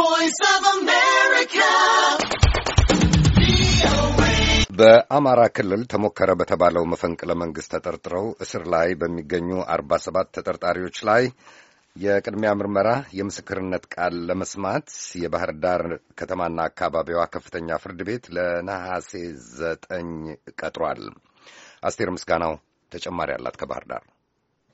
voice በአማራ ክልል ተሞከረ በተባለው መፈንቅለ መንግሥት ተጠርጥረው እስር ላይ በሚገኙ አርባ ሰባት ተጠርጣሪዎች ላይ የቅድሚያ ምርመራ የምስክርነት ቃል ለመስማት የባህር ዳር ከተማና አካባቢዋ ከፍተኛ ፍርድ ቤት ለነሐሴ ዘጠኝ ቀጥሯል። አስቴር ምስጋናው ተጨማሪ አላት ከባህር ዳር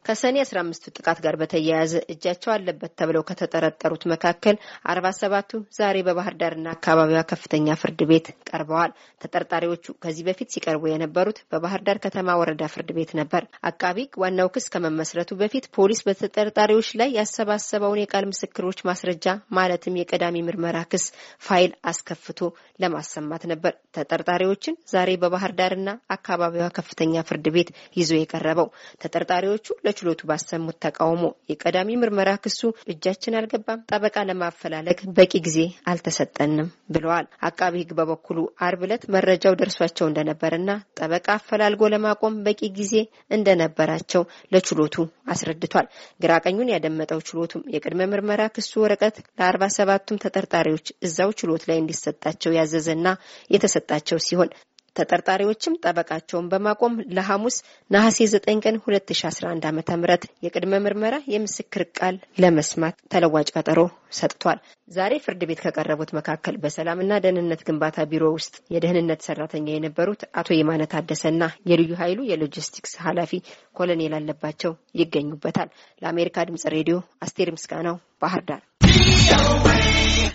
ከሰኔ 15 ጥቃት ጋር በተያያዘ እጃቸው አለበት ተብለው ከተጠረጠሩት መካከል 47ቱ ዛሬ በባህር ዳርና አካባቢዋ ከፍተኛ ፍርድ ቤት ቀርበዋል። ተጠርጣሪዎቹ ከዚህ በፊት ሲቀርቡ የነበሩት በባህር ዳር ከተማ ወረዳ ፍርድ ቤት ነበር። አቃቢ ሕግ ዋናው ክስ ከመመስረቱ በፊት ፖሊስ በተጠርጣሪዎች ላይ ያሰባሰበውን የቃል ምስክሮች ማስረጃ ማለትም የቀዳሚ ምርመራ ክስ ፋይል አስከፍቶ ለማሰማት ነበር። ተጠርጣሪዎችን ዛሬ በባህር ዳርና አካባቢዋ ከፍተኛ ፍርድ ቤት ይዞ የቀረበው ተጠርጣሪዎቹ በችሎቱ ባሰሙት ተቃውሞ የቀዳሚ ምርመራ ክሱ እጃችን አልገባም፣ ጠበቃ ለማፈላለግ በቂ ጊዜ አልተሰጠንም ብለዋል። አቃቢ ሕግ በበኩሉ አርብ ዕለት መረጃው ደርሷቸው እንደነበረና ጠበቃ አፈላልጎ ለማቆም በቂ ጊዜ እንደነበራቸው ለችሎቱ አስረድቷል። ግራቀኙን ያደመጠው ችሎቱም የቅድመ ምርመራ ክሱ ወረቀት ለአርባ ሰባቱም ተጠርጣሪዎች እዛው ችሎት ላይ እንዲሰጣቸው ያዘዘና የተሰጣቸው ሲሆን ተጠርጣሪዎችም ጠበቃቸውን በማቆም ለሐሙስ ነሐሴ 9 ቀን 2011 ዓ ም የቅድመ ምርመራ የምስክር ቃል ለመስማት ተለዋጭ ቀጠሮ ሰጥቷል። ዛሬ ፍርድ ቤት ከቀረቡት መካከል በሰላምና ደህንነት ግንባታ ቢሮ ውስጥ የደህንነት ሰራተኛ የነበሩት አቶ የማነ ታደሰና የልዩ ኃይሉ የሎጂስቲክስ ኃላፊ ኮሎኔል አለባቸው ይገኙበታል። ለአሜሪካ ድምጽ ሬዲዮ አስቴር ምስጋናው ባህር ዳር